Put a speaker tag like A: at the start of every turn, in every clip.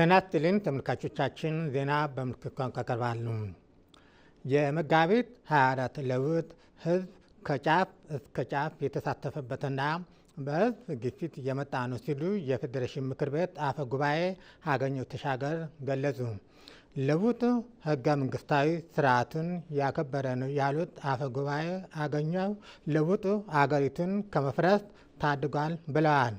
A: ጤና ተመልካቾቻችን፣ ዜና በምልክት ቋንቋ ቀርባሉ። የመጋቢት 24 ለውጥ ህዝብ ከጫፍ እስከ ጫፍ የተሳተፈበትና በህዝብ ግፊት የመጣ ነው ሲሉ የፌዴሬሽን ምክር ቤት አፈ ጉባኤ አገኘሁ ተሻገር ገለጹ። ለውጡ ህገ መንግስታዊ ስርዓቱን ያከበረ ነው ያሉት አፈ ጉባኤ አገኘሁ ለውጡ አገሪቱን ከመፍረስ ታድጓል ብለዋል።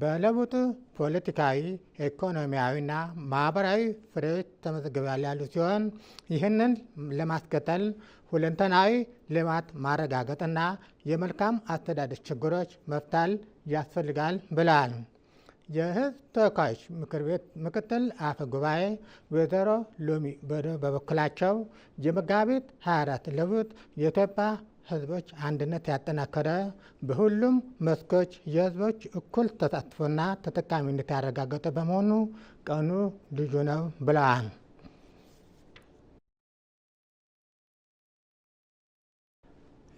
A: በለውጡ ፖለቲካዊ፣ ኢኮኖሚያዊና ማህበራዊ ፍሬዎች ተመዝግበዋል ያሉ ሲሆን ይህንን ለማስቀጠል ሁለንተናዊ ልማት ማረጋገጥና የመልካም አስተዳደር ችግሮች መፍታል ያስፈልጋል ብለዋል። የህዝብ ተወካዮች ምክር ቤት ምክትል አፈ ጉባኤ ወይዘሮ ሎሚ በዶ በበኩላቸው የመጋቢት 24 ለውጥ የኢትዮጵያ ህዝቦች አንድነት ያጠናከረ በሁሉም መስኮች የህዝቦች እኩል ተሳትፎና ተጠቃሚነት ያረጋገጠ በመሆኑ ቀኑ ልዩ ነው ብለዋል።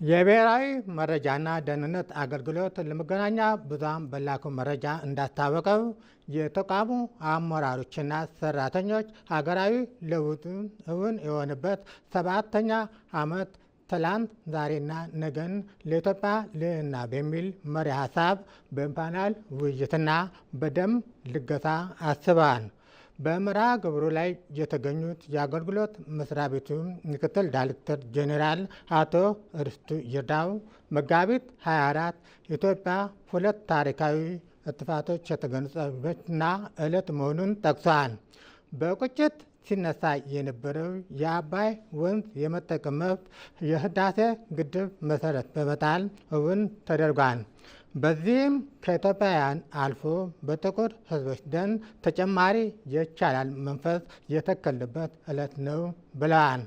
A: የብሔራዊ መረጃና ደህንነት አገልግሎት ለመገናኛ ብዙሃን በላኩ መረጃ እንዳስታወቀው የተቋሙ አመራሮችና ሰራተኞች ሀገራዊ ለውጥ እውን የሆነበት ሰባተኛ ዓመት ትላንት ዛሬና ነገን ለኢትዮጵያ ልዕና በሚል መሪ ሀሳብ በፓናል ውይይትና በደም ልገሳ አስበዋል። በመርሃ ግብሩ ላይ የተገኙት የአገልግሎት መስሪያ ቤቱ ምክትል ዳይሬክተር ጄኔራል አቶ እርስቱ ይርዳው መጋቢት 24 ኢትዮጵያ ሁለት ታሪካዊ እጥፋቶች የተገነጸበችና ዕለት መሆኑን ጠቅሷል። በቁጭት ሲነሳ የነበረው የአባይ ወንዝ የመጠቀም መብት የህዳሴ ግድብ መሰረት በመጣል እውን ተደርጓል። በዚህም ከኢትዮጵያውያን አልፎ በጥቁር ህዝቦች ደን ተጨማሪ የቻላል መንፈስ የተከለበት ዕለት ነው ብለዋል።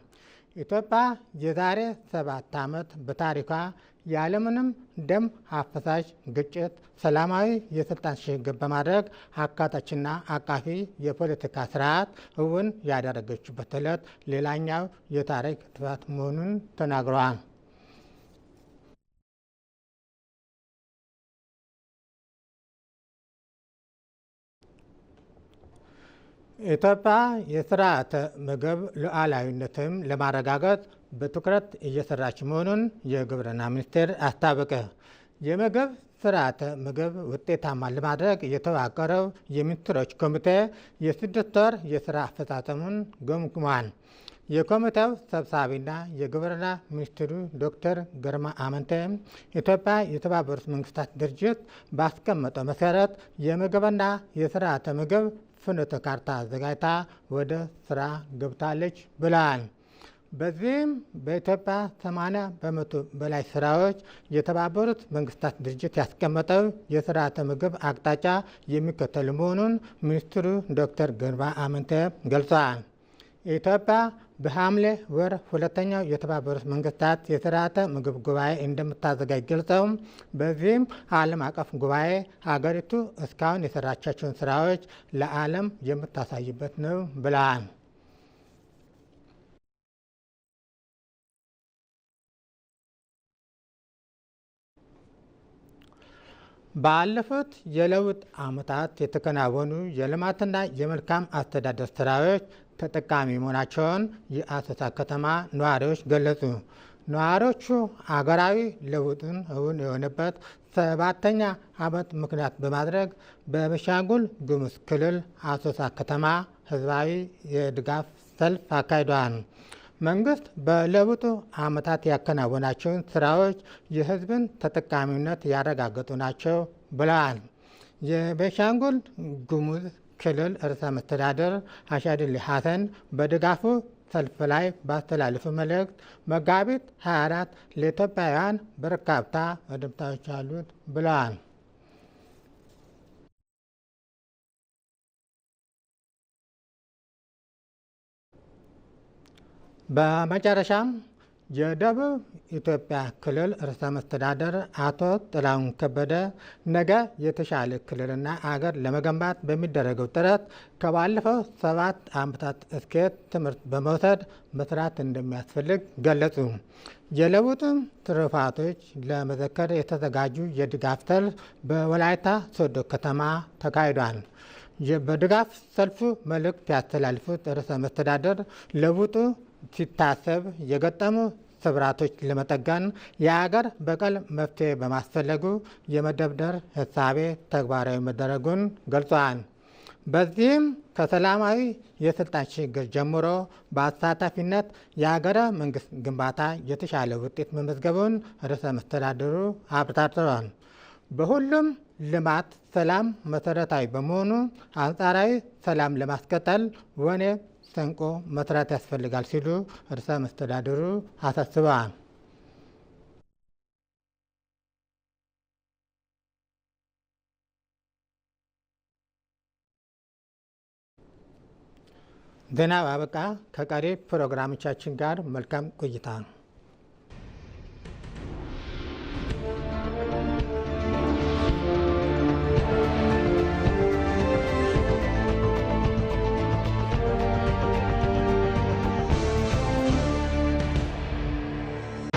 A: ኢትዮጵያ የዛሬ ሰባት ዓመት በታሪኳ ያለምንም ደም አፈሳሽ ግጭት ሰላማዊ የስልጣን ሽግግር በማድረግ አካታችና አቃፊ የፖለቲካ ስርዓት እውን ያደረገችበት ዕለት ሌላኛው የታሪክ ጥፋት መሆኑን ተናግረዋል። ኢትዮጵያ የስርዓተ ምግብ ሉዓላዊነትም ለማረጋገጥ በትኩረት እየሰራች መሆኑን የግብርና ሚኒስቴር አስታወቀ። የምግብ ስርዓተ ምግብ ውጤታማ ለማድረግ የተዋቀረው የሚኒስትሮች ኮሚቴ የስድስት ወር የስራ አፈጻጸሙን ገምግሟል። የኮሚቴው ሰብሳቢና የግብርና ሚኒስትሩ ዶክተር ግርማ አመንቴ ኢትዮጵያ የተባበሩት መንግስታት ድርጅት ባስቀመጠው መሰረት የምግብና የስርዓተ ምግብ ፍኖተ ካርታ አዘጋጅታ ወደ ስራ ገብታለች ብለዋል። በዚህም በኢትዮጵያ 80 በመቶ በላይ ስራዎች የተባበሩት መንግስታት ድርጅት ያስቀመጠው የስርዓተ ምግብ አቅጣጫ የሚከተል መሆኑን ሚኒስትሩ ዶክተር ግርማ አመንተ ገልጸዋል። ኢትዮጵያ በሐምሌ ወር ሁለተኛው የተባበሩት መንግስታት የተራተ ምግብ ጉባኤ እንደምታዘጋጅ ገልጸው በዚህም ዓለም አቀፍ ጉባኤ ሀገሪቱ እስካሁን የሰራቻቸውን ስራዎች ለዓለም የምታሳይበት ነው ብለዋል። ባለፉት የለውጥ ዓመታት የተከናወኑ የልማትና የመልካም አስተዳደር ስራዎች ተጠቃሚ መሆናቸውን የአሶሳ ከተማ ነዋሪዎች ገለጹ። ነዋሪዎቹ አገራዊ ለውጡን እውን የሆነበት ሰባተኛ ዓመት ምክንያት በማድረግ በቤኒሻንጉል ጉሙዝ ክልል አሶሳ ከተማ ህዝባዊ የድጋፍ ሰልፍ አካሂደዋል። መንግስት በለውጡ ዓመታት ያከናወናቸውን ስራዎች የህዝብን ተጠቃሚነት ያረጋገጡ ናቸው ብለዋል። የቤንሻንጉል ጉሙዝ ክልል ርዕሰ መስተዳደር አሻድሊ ሀሰን በድጋፉ ሰልፍ ላይ ባስተላለፉ መልእክት መጋቢት 24 ለኢትዮጵያውያን በርካታ እድምታዎች አሉት ብለዋል። በመጨረሻም የደቡብ ኢትዮጵያ ክልል ርዕሰ መስተዳደር አቶ ጥላሁን ከበደ ነገ የተሻለ ክልልና አገር ለመገንባት በሚደረገው ጥረት ከባለፈው ሰባት ዓመታት እስኬት ትምህርት በመውሰድ መስራት እንደሚያስፈልግ ገለጹ። የለውጥም ትሩፋቶች ለመዘከር የተዘጋጁ የድጋፍ ሰልፍ በወላይታ ሶዶ ከተማ ተካሂዷል። በድጋፍ ሰልፉ መልእክት ያስተላልፉት ርዕሰ መስተዳደር ለውጡ ሲታሰብ የገጠሙ ስብራቶች ለመጠገን የአገር በቀል መፍትሄ በማስፈለጉ የመደብደር ህሳቤ ተግባራዊ መደረጉን ገልጿል። በዚህም ከሰላማዊ የስልጣን ሽግግር ጀምሮ በአሳታፊነት የሀገረ መንግስት ግንባታ የተሻለ ውጤት መመዝገቡን ርዕሰ መስተዳድሩ አብራርተዋል። በሁሉም ልማት ሰላም መሰረታዊ በመሆኑ አንጻራዊ ሰላም ለማስቀጠል ወኔ ተንቆ መስራት ያስፈልጋል ሲሉ እርሰ መስተዳድሩ አሳስበዋል። ዜና አበቃ። ከቀሪ ፕሮግራሞቻችን ጋር መልካም ቆይታ